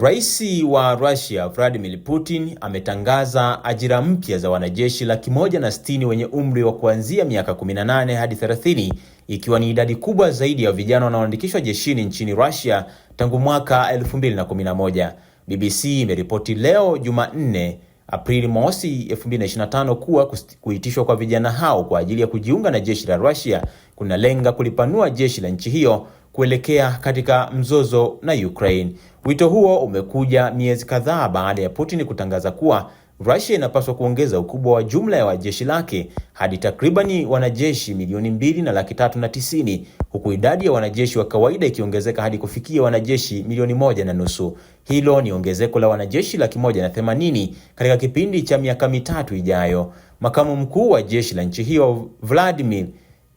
Rais wa Russia Vladimir Putin ametangaza ajira mpya za wanajeshi laki moja na sitini wenye umri wa kuanzia miaka 18 hadi 30, ikiwa ni idadi kubwa zaidi ya vijana wanaoandikishwa jeshini nchini Russia tangu mwaka 2011. BBC imeripoti leo Jumanne Aprili mosi 2025 kuwa kuitishwa kwa vijana hao kwa ajili ya kujiunga na jeshi la Russia kunalenga kulipanua jeshi la nchi hiyo kuelekea katika mzozo na Ukraine. Wito huo umekuja miezi kadhaa baada ya Putin kutangaza kuwa Russia inapaswa kuongeza ukubwa wa jumla ya jeshi lake hadi takribani wanajeshi milioni mbili na laki tatu na tisini huku idadi ya wanajeshi wa kawaida ikiongezeka hadi kufikia wanajeshi milioni moja na nusu. Hilo ni ongezeko la wanajeshi laki moja na themanini katika kipindi cha miaka mitatu ijayo. Makamu mkuu wa jeshi la nchi hiyo Vladimir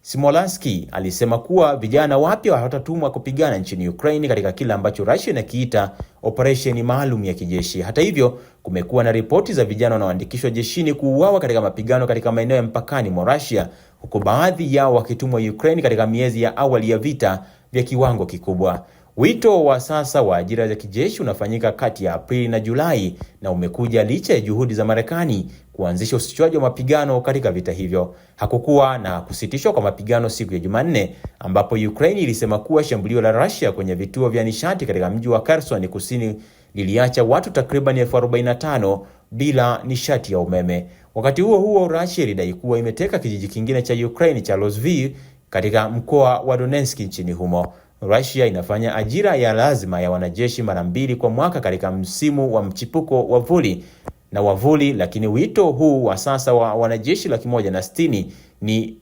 Smolanski alisema kuwa vijana wapya hawatatumwa kupigana nchini Ukraine katika kile ambacho Russia inakiita operesheni maalum ya kijeshi. Hata hivyo, kumekuwa na ripoti za vijana wanaoandikishwa jeshini kuuawa katika mapigano katika maeneo ya mpakani mwa Russia, huku baadhi yao wakitumwa Ukraine katika miezi ya awali ya vita vya kiwango kikubwa. Wito wa sasa wa ajira za kijeshi unafanyika kati ya Aprili na Julai na umekuja licha ya juhudi za Marekani kuanzisha usitishwaji wa mapigano katika vita hivyo. Hakukuwa na kusitishwa kwa mapigano siku ya Jumanne, ambapo Ukraine ilisema kuwa shambulio la Russia kwenye vituo vya nishati katika mji wa Kherson kusini liliacha watu takriban elfu 45 bila nishati ya umeme. Wakati huo huo, Russia ilidai kuwa imeteka kijiji kingine cha Ukraine cha Lozviv katika mkoa wa Donetsk nchini humo. Russia inafanya ajira ya lazima ya wanajeshi mara mbili kwa mwaka katika msimu wa mchipuko wa vuli na wavuli, lakini wito huu wa sasa wa wanajeshi laki moja na sitini ni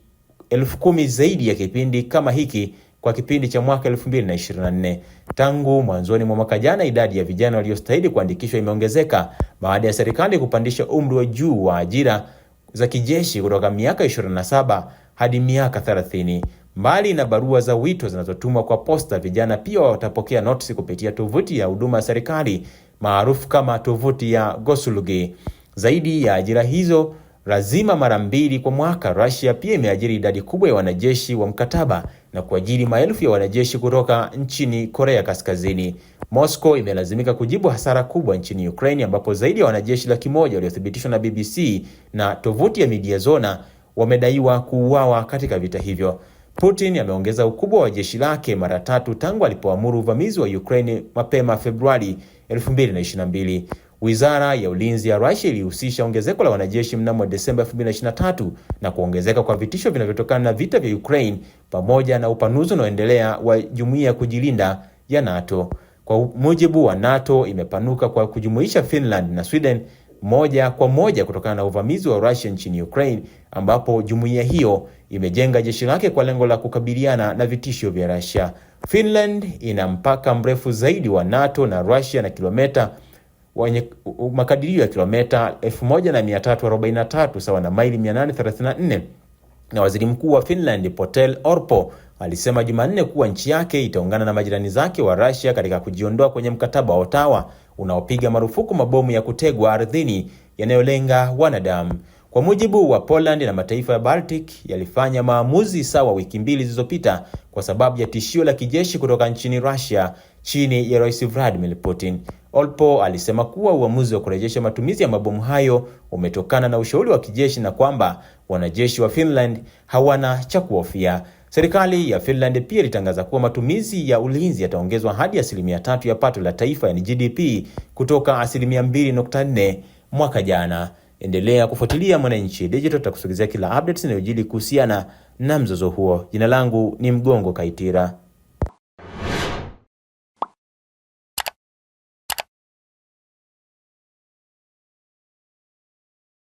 elfu kumi zaidi ya kipindi kama hiki kwa kipindi cha mwaka 2024. Tangu mwanzoni mwa mwaka jana, idadi ya vijana waliostahili kuandikishwa imeongezeka baada ya serikali kupandisha umri wa juu wa ajira za kijeshi kutoka miaka 27 hadi miaka 30. Mbali na barua za wito zinazotumwa kwa posta, vijana pia watapokea notisi kupitia tovuti ya huduma ya serikali maarufu kama tovuti ya Gosulugi. Zaidi ya ajira hizo lazima mara mbili kwa mwaka, Russia pia imeajiri idadi kubwa ya wanajeshi wa mkataba na kuajiri maelfu ya wanajeshi kutoka nchini Korea Kaskazini. Moscow imelazimika kujibu hasara kubwa nchini Ukraine, ambapo zaidi ya wanajeshi laki moja waliothibitishwa na BBC na tovuti ya Mediazona wamedaiwa kuuawa katika vita hivyo. Putin ameongeza ukubwa wa jeshi lake mara tatu tangu alipoamuru uvamizi wa Ukraine mapema Februari 2022. Wizara ya Ulinzi ya Russia ilihusisha ongezeko la wanajeshi mnamo Desemba 2023 na kuongezeka kwa vitisho vinavyotokana na vita vya Ukraine pamoja na upanuzi unaoendelea wa Jumuiya ya Kujilinda ya NATO. Kwa mujibu wa NATO, imepanuka kwa kujumuisha Finland na Sweden moja kwa moja kutokana na uvamizi wa Russia nchini Ukraine, ambapo jumuiya hiyo imejenga jeshi lake kwa lengo la kukabiliana na vitisho vya Russia. Finland ina mpaka mrefu zaidi wa NATO na Russia na kilometa makadirio ya kilometa 1343 sawa na maili 834 na waziri mkuu wa Finland Potel Orpo alisema Jumanne kuwa nchi yake itaungana na majirani zake wa Russia katika kujiondoa kwenye mkataba wa Ottawa unaopiga marufuku mabomu ya kutegwa ardhini yanayolenga wanadamu. Kwa mujibu wa Poland na mataifa ya Baltic yalifanya maamuzi sawa wiki mbili zilizopita kwa sababu ya tishio la kijeshi kutoka nchini Russia chini ya Rais Vladimir Putin. Olpo alisema kuwa uamuzi wa kurejesha matumizi ya mabomu hayo umetokana na ushauri wa kijeshi na kwamba wanajeshi wa Finland hawana cha kuhofia. Serikali ya Finland pia ilitangaza kuwa matumizi ya ulinzi yataongezwa hadi asilimia tatu ya pato la taifa yani GDP kutoka asilimia 2.4 mwaka jana. Endelea kufuatilia Mwananchi Digital, tutakusogezea kila updates inayojili kuhusiana na mzozo huo. Jina langu ni Mgongo Kaitira.